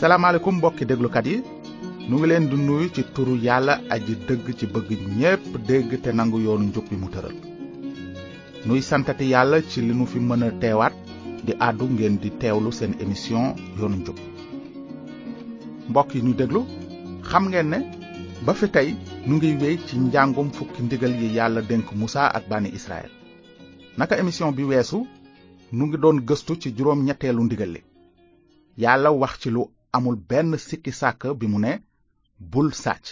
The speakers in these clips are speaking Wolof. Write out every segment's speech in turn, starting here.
salaamaaleykum mbokki déglukat yi nu ngi leen di nuyu ci turu yàlla aj dëgg ci bëgg ñépp dégg te nangu yoonu njub bi mu tëral nuy santati yàlla ci li nu fi mën a teewaat di àddu ngeen di teewlu seen émission yoonu njub mbokk yi ñu déglu xam ngeen ne ba fi tey nu ngi wéy ci njàngum fukki ndigal yi yàlla dénk Musaa ak bànni Israël naka émission bi weesu nu ngi doon gëstu ci juróom ñetteelu ndigal li yàlla wax ci lu amul benn sikki sàkk bi mu ne bul sàcc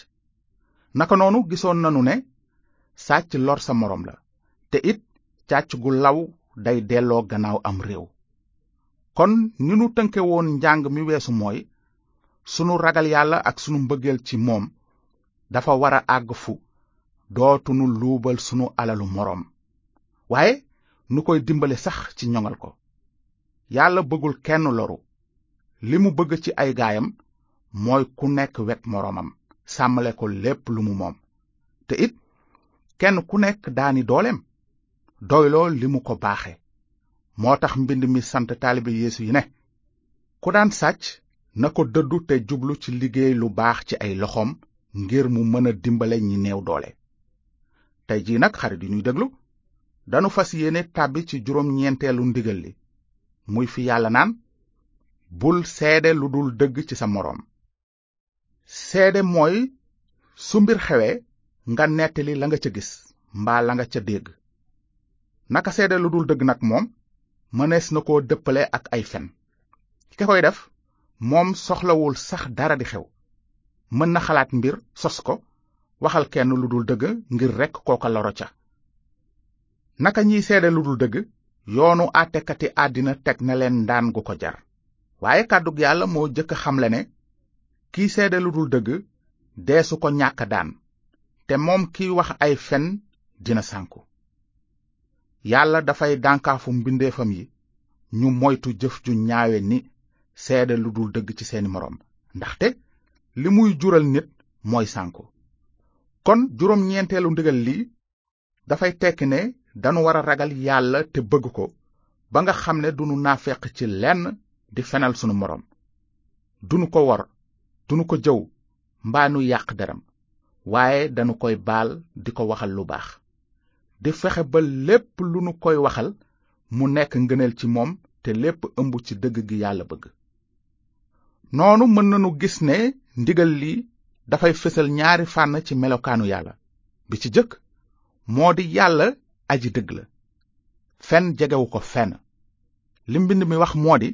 naka noonu gisoon nanu ne sàcc lor sa moroom la te it càcc gu law day delloo gannaaw am réew kon ni nu tënke woon njàng mi weesu mooy sunu ragal yàlla ak sunu mbëggeel ci moom dafa war a àgg fu dootunu luubal sunu alalu moroom waaye nu koy dimbale sax ci ñoŋal ko yàlla bëggul kenn loru li mu bëgg ci ay gaayam mooy ku nekk wet moroomam sàmmale ko lépp lu mu moom te it kenn ku nekk daani dooleem doyloo li mu ko baaxe moo tax mbind mi sant taalibe yéesu yi ne ku daan sàcc na ko dëddu te jublu ci liggéey lu baax ci ay loxoom ngir mu mën a dimbale ñi néew doole tey jii nag xarit yu ñuy déglu danu fas yéene tàbbi ci juróom ñeenteelu ndigal li muy fi yàlla naan bul seede lu dul dëgg ci sa moroom seede mooy su mbir xewee nga nettali la nga ca gis mbaa la nga ca dégg naka seede lu dul dëgg nag moom mënees na koo dëppale ak ay fen ki koy def moom soxlawul sax dara di xew mën na xalaat mbir sos ko waxal kenn lu dul dëgg ngir rekk kooka loro ca naka ñiy seede lu dul dëgg yoonu àttekati àddina teg na leen ndaan gu ko jar waaye kàddug yàlla moo jëkk xamle ne kiy seede lu dul dëgg deesu ko ñàkk daan te moom kiy wax ay fen dina sànku yàlla dafay dànkaafu mbindeefam yi ñu moytu jëf ju ñaawe ni seede lu dul dëgg ci seeni moroom ndaxte li muy jural nit mooy sànku kon juróom ñeenteelu ndigal li dafay tekki ne danu war a ragal yàlla te bëgg ko ba nga xam ne dunu naafeq ci lenn di fenal sunu moroom dunu ko wor dunu ko jëw mbaa nu yàq deram waaye danu koy baal di ko waxal lu baax di fexe ba lépp lu nu koy waxal mu nekk ngëneel ci moom te lépp ëmb ci dëgg gi yàlla bëgg noonu mën nañu gis ne ndigal li dafay fësal ñaari fànn ci melokaanu yàlla bi ci jëkk moo di yàlla aji dëgg la fenn jegewu ko fenn li mbind mi wax moo di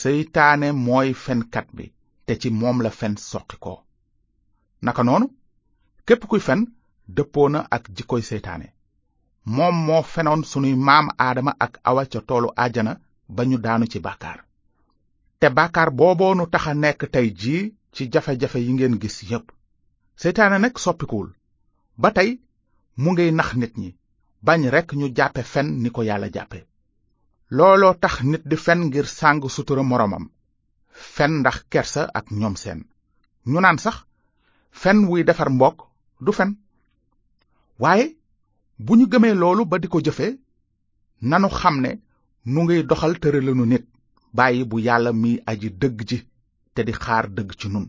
seytaane mooy fenkat bi te ci moom la fen soqi ko naka noonu képp kuy fen dëppoo na ak jikkoy seytaane moom moo fenoon sunuy maam aadama ak awa ca toolu àjjana ba ñu daanu ci bàkkaar te bàkkaar booboo nu tax a nekk tey jii ci jafe-jafe yi ngeen gis yépp seytaane nag soppikuwul ba tey mu ngiy nax nit ñi bañ rekk ñu jàppe fen ni ko yàlla jàppe looloo tax nit di fen ngir sàng sutura moroomam fen ndax kersa ak ñoom seen ñu naan sax fen wuy defar mbokk du fen waaye bu ñu gëmee loolu ba di ko jëfe nanu xam ne nu ngiy doxal tëralinu nit bàyyi bu yàlla mi aji dëgg ci te di xaar dëgg ci nun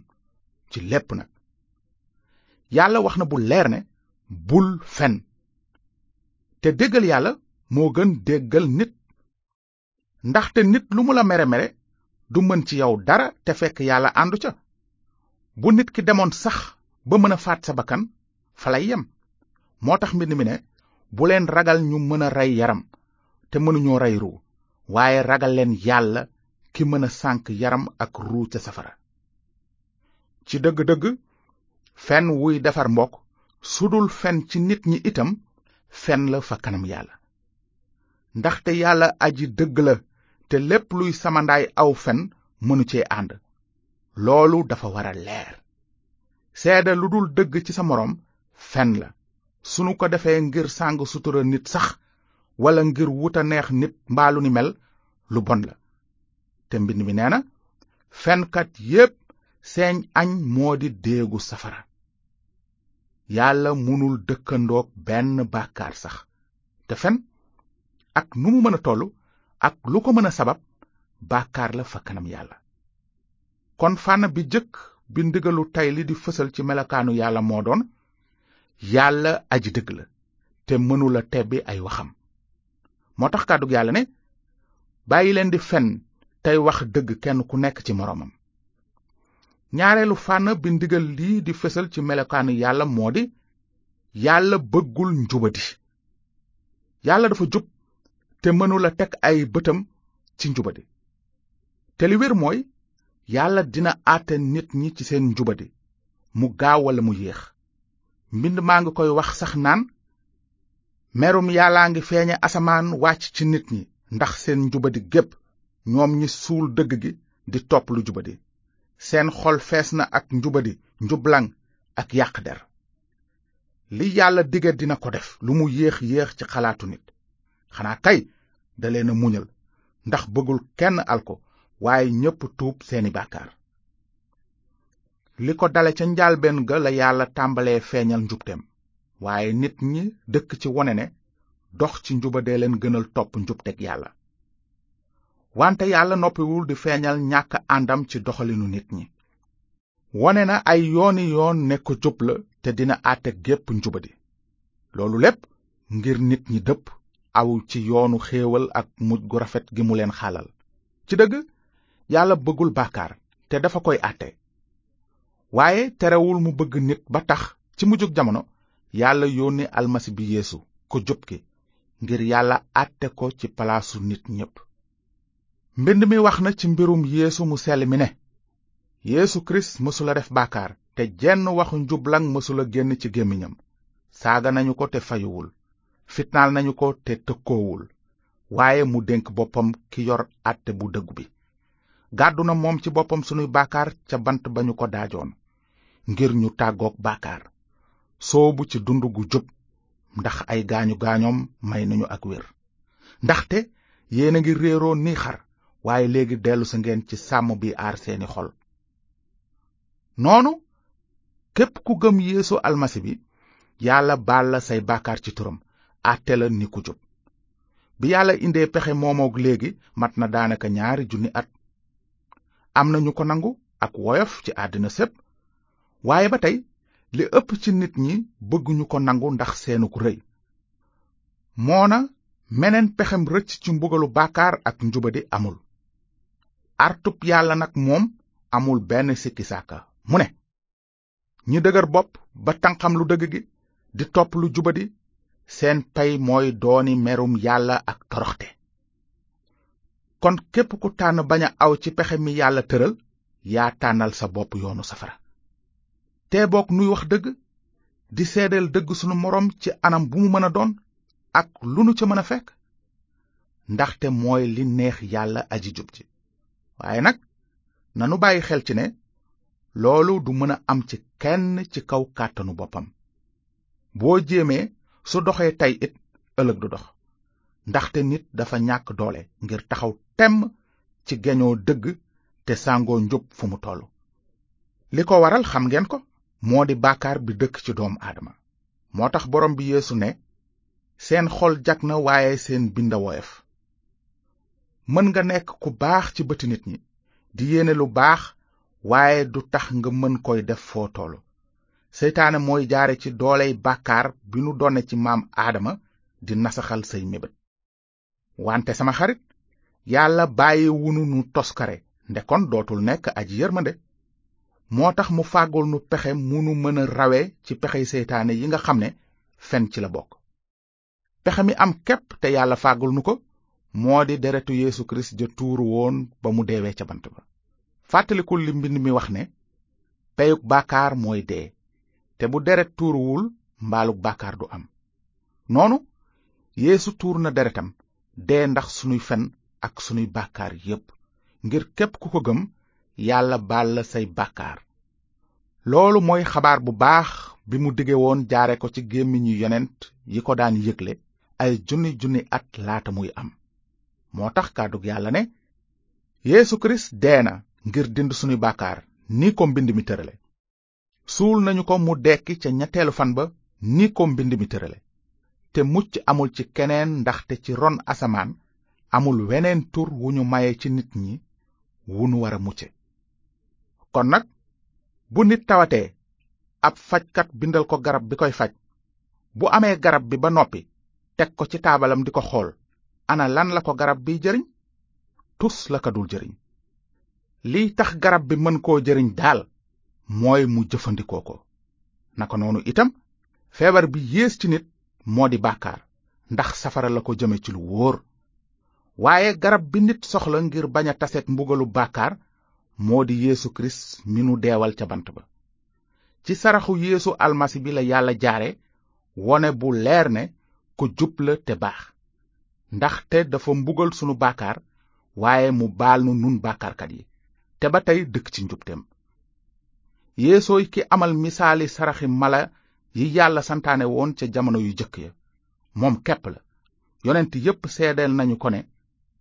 ci lépp nag yàlla wax na bu leer ne bul fen te déggal yàlla moo gën déggal nit ndaxte nit lu mu la mere mere du mën ci yow dara te fekk yàlla àndu ca bu nit ki demoon sax ba mën a faat sa bakkan falay yem moo tax mbind mi ne bu leen ragal ñu mën a rey yaram te mënuñoo rey ruu waaye ragal leen yàlla ki mën a sànk yaram ak ruu ca safara ci dëgg-dëgg fen wuy defar mbokk sudul fen ci nit ñi itam fenn la fa kanam yàlla ndaxte yàlla aji dëgg la te lépp luy samandaay aw fen mënu cee ànd loolu dafa wara a leer seede lu dul dëgg ci sa moroom fen la su nu ko defee ngir sàng sutura nit sax walla ngir wuta neex nit mbaalu ni mel lu bon la te mbind mi nee na fenkat yépp seeñ añ moo di déegu safara yàlla mënul dëkkandook benn bàkkaar sax te fen ak nu mu mën a tollu ak lu ko mën a sabab baakaar la fa kanam yàlla kon fànn bi jëkk bi ndigalu tey li di fësal ci melokaanu yàlla moo doon yàlla aji dëgg la te mënula tebbi ay waxam moo tax kàddu yàlla ne bàyyi leen di fenn tey wax dëgg kenn ku nekk ci moroomam ñaareelu fànn bi ndigal lii di fësal ci melokaanu yàlla moo di yàlla bëggul njubadi yàlla dafa jub te mënula teg ay bëtam ci njubadi te li wér mooy yàlla dina àtte nit ñi ci seen njubadi mu gaaw walla mu yéex mbind maa ngi koy wax sax naan merum yàllaa ngi feeñe asamaan wàcc ci nit ñi ndax seen njubadi gépp ñoom ñi suul dëgg gi di topp lu jubadi seen xol fees na ak njubadi njublaŋ ak yàq der li yàlla dige dina ko def lu mu yéex yéex ci xalaatu nit xanaa kay da leen a muñal ndax bëggul kenn alko waaye ñépp tuub seeni bàkkaar li ko dale ca njaalbeen ga la yàlla tàmbalee feeñal njubteem waaye nit ñi dëkk ci wone ne dox ci njuba de leen gënal topp njubteg yàlla wante yàlla noppiwul di feeñal ñàkk àndam ci doxalinu nit ñi wone na ay yooni yoon ne ko jub la te dina àtte gépp njubadi loolu lépp ngir nit ñi dëpp aw ci yoonu xéewal ak mujj gu rafet gi mu leen xalal ci dëgg yàlla bëggul bàkkaar te dafa koy àtte waaye terewul mu bëgg nit ba tax ci mujjug jamono yàlla yónni almasi bi yéesu ko jub ki ngir yàlla àtte ko ci palaasu nit ñépp mbind mi wax na ci mbirum yéesu mu sell mi ne yeesu kirist mësula def bàkkaar te jenn waxu njublaŋ mësula génn ci gémmiñam saaga nañu ko te fayuwul fitnaal nañu ko te tëkkoowul waaye mu dénk boppam ki yor àtte bu dëgg bi gàddu na moom ci boppam sunuy baakaar ca bant ba ñu ko daajoon ngir ñu tàggook baakaar bu ci dund gu jub ndax ay gaañu gaañoom may nañu ak wér ndaxte yéen a ngi réeroo ni xar waaye léegi dellu sa ngeen ci sàmm bi aar seeni xol noonu képp ku gëm yéesu almasi bi yàlla baal la say baakaar ci turam àtte la ni ku bi yàlla indee pexe moomook léegi mat na daanaka ñaari junni at am na ñu ko nangu ak woyof ci àddina sépp waaye ba tey li ëpp ci nit ñi bëgguñu ko nangu ndax seenuk rëy moona meneen pexem rëcc ci mbugalu bàkkaar ak njubadi amul artub yàlla nag moom amul benn sikki sàkka mu ne ñi dëgër bopp ba tanqam lu dëgg gi di topp lu juba di seen pay mooy dooni merum yàlla ak toroxte kon képp ku tànn bañ a aw ci pexe mi yàlla tëral yaa tànnal sa bopp yoonu safara te boog nuy wax dëgg di seedeel dëgg sunu moroom ci anam bu mu mën a doon ak lu nu ca mën a fekk ndaxte mooy li neex yàlla aji jub ji waaye nag nanu bàyyi xel ci ne loolu du mën a am ci kenn ci kaw kàttanu boppam boo jéemee su doxee tey it ëllëg du dox ndaxte nit dafa ñàkk doole ngir taxaw temm ci geñoo dëgg te sàngoo njub fu mu tollu li ko waral xam ngeen ko moo di baakaar bi dëkk ci doomu aadama moo tax borom bi yéesu ne seen xol jag na waaye seen binda mën nga nekk ku baax ci bëti nit ñi di yéene lu baax waaye du tax nga mën koy def foo tollu seytaane mooy jaare ci dooley bàkkaar bi nu donne ci maam aadama di nasaxal say mébét wante sama xarit yàlla bàyyi wunu nu toskare nde kon dootul nekk aji yërmande moo tax mu fàggul nu pexe mu nu mën a rawe ci pexey seytaane yi nga xam ne fen ci la bokk pexe mi am képp te yàlla fàggul nu ko moo di deretu yeesu kirist ja tuuru woon ba mu deewee ca bant ba fàttalikul li mbind mi wax ne peyug bàkkaar mooy dee te bu deret tuuruwul mbaalug bàkkaar du am noonu yéesu tuur na deretam dee ndax sunuy fen ak sunuy bàkkaar yépp ngir képp ku ko gëm yàlla baal la say bàkkaar loolu mooy xabaar bu baax bi mu dige woon jaare ko ci gémmiñu yonent yi ko daan yëgle ay junni junni at laata muy am moo tax kàddug yàlla ne yéesu kirist dee na ngir dind sunuy bàkkaar ni ko mbind mi tërale suul nañu ko mu dekki ca ñetteelu fan ba ni ko mbind mi tërale te mucc amul ci keneen ndaxte ci ron asamaan amul weneen tur wu ñu maye ci nit ñi wu nu war a mucce kon nag bu nit tawatee ab fajkat bindal ko garab bi koy faj bu amee garab bi ba noppi teg ko ci taabalam di ko xool ana lan la ko garab biy jëriñ tus la jëriñ lii tax garab bi mën koo jëriñ daal mooy mu jëfandikoo ko na ko noonu itam feebar bi yées ci nit moo di bàkkaar ndax safara la ko jëme ci lu wóor waaye garab bi nit soxla ngir bañ a taseet mbugalu bàkkaar moo di yéesu kirist mi nu deewal ca bant ba ci saraxu yéesu almasi bi la yàlla jaare wone bu leer ne ku jub la te baax te dafa mbugal sunu bàkkaar waaye mu baal nu nun bàkkaarkat yi te ba tey dëkk ci njubteem yeesooy ki amal misaali saraxi mala yi yàlla santaane woon ca jamono yu jëkk ya moom kepp la yonent yépp seedeel nañu ko ne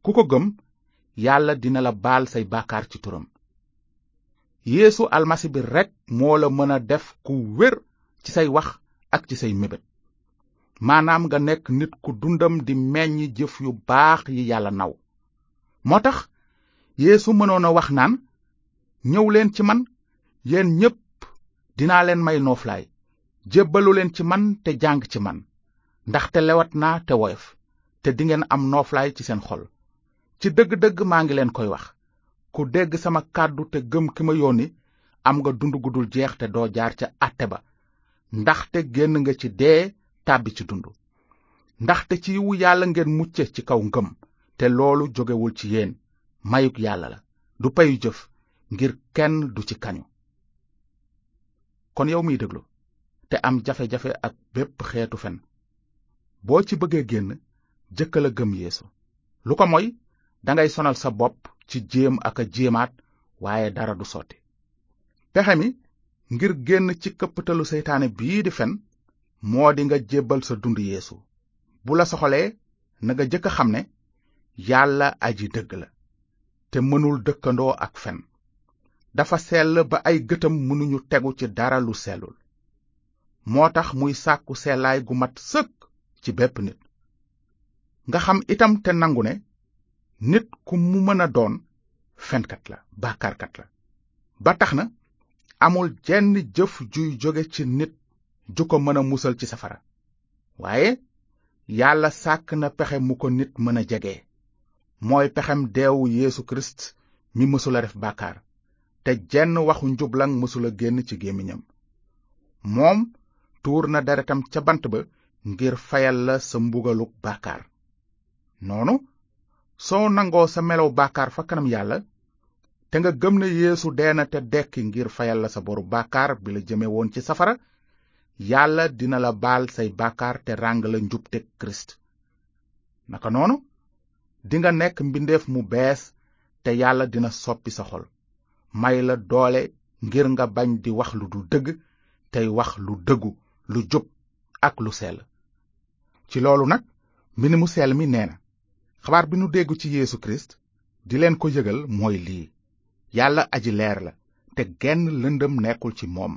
ku ko gëm yàlla dina la baal say baakaar ci turam yeesu almasi bi rekk moo la mën a def ku wér ci say wax ak ci say mébét maanaam nga nekk nit ku dundam di meññ jëf yu baax yi yàlla naw moo tax yeesu mënoon wax naan ñëw leen ci man yéen ñépp dinaa leen may nooflaay jébbalu leen ci man te jàng ci man ndaxte lewat naa te woyof te dingeen am nooflaay ci seen xol ci dëgg-dëgg maa ngi leen koy wax ku dégg sama kàddu te gëm ki ma yónni am nga dund gu dul jeex te doo jaar ca àtte ba ndaxte génn nga ci dee tàbbi ci dund ndaxte ci yiwu yàlla ngeen mucce ci kaw ngëm te loolu jógewul ci yéen mayuk yàlla la du payu jëf ngir kenn du ci kañu kon yow miy déglu te am jafe-jafe ak bépp xeetu fen boo ci bëggee génn jëkkal a gëm yéesu lu ko mooy dangay sonal sa bopp ci jéem ak a jéemaat waaye dara du sotti pexe mi ngir génn ci këpptalu seytaane bii di fen moo di nga jébbal sa dund yeesu bu la soxalee na jëkk a xam ne yàlla aji dëgg la te mënul dëkkandoo ak fen dafa sell ba ay gëtam mënuñu tegu ci dara lu sellul moo tax muy sàkku sellaay gu mat sëkk ci bépp nit nga xam itam te nangu ne nit ku mu mën a doon fenkat la bàkkaarkat la ba tax na amul jenn jëf juy jóge ci nit ju ko mën a musal ci safara waaye yàlla sàkk na pexe mu ko nit mën a jege mooy pexem deewu yéesu Kirist mi mësula def bàkkaar te jenn waxu njublaŋ mësula génn ci gémmiñam moom tuur na deretam ca bant ba ngir fayal la sa mbugaluk baakaar noonu soo nangoo sa melow baakaar fa kanam yàlla te nga gëm na yéesu dee na te dekki ngir fayal la sa boru baakaar bi la jëme woon ci safara yàlla dina la baal say baakaar te ràng la njubte kirist naka noonu dinga nekk mbindeef mu bees te yàlla dina soppi sa xol may la doole ngir nga bañ di wax lu du dëgg tey wax lu dëggu lu jub ak lu sell ci loolu nag mbind mu sell mi nee na xabaar bi nu dégg ci Yeesu Kirist di leen ko yëgal mooy lii yàlla aji leer la te genn lëndëm nekkul ci moom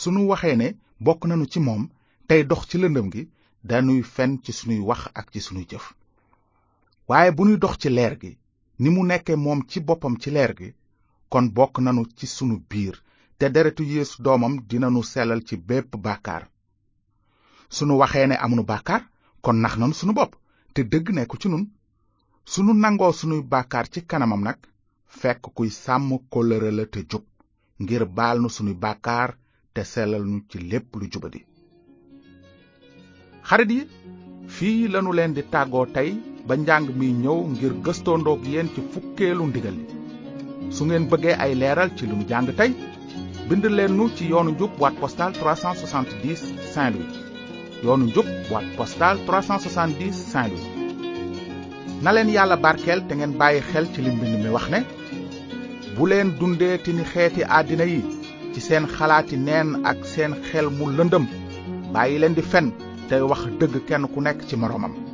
sunu waxee ne bokk nañu ci moom tey dox ci lëndëm gi danuy fenn ci sunuy wax ak ci sunuy jëf waaye bu nuy dox ci leer gi ni mu nekkee moom ci boppam ci leer gi kon bokk nanu ci sunu biir te deretu yéesu doomam dinanu sellal ci bépp bàkkaar sunu waxee ne nu bàkkaar kon nax nanu sunu bopp te dëgg nekku ci nun sunu nangoo sunuy bàkkaar ci kanamam nag fekk kuy sàmm kóllëre la te jub ngir baal nu sunuy bàkkaar te selal nu ci lépp lu jubadi xarit yi fii lanu leen di tàggoo tey ba njàng mi ñëw ngir gëstoondoog yéen ci fukkeelu ndigal su ngeen bëggee ay leeral ci lu nu jàng tey bind leen ci yoonu njub boîte postale 370 Saint-Louis yoonu njub boîte postale 370 Saint-Louis na leen yàlla barkeel te ngeen bàyyi xel ci li mbind mi wax ne bu leen dundee ti ni xeeti àddina yi ci seen xalaati neen ak seen xel mu lëndëm bàyyi leen di fenn tey wax dëgg kenn ku nekk ci moroomam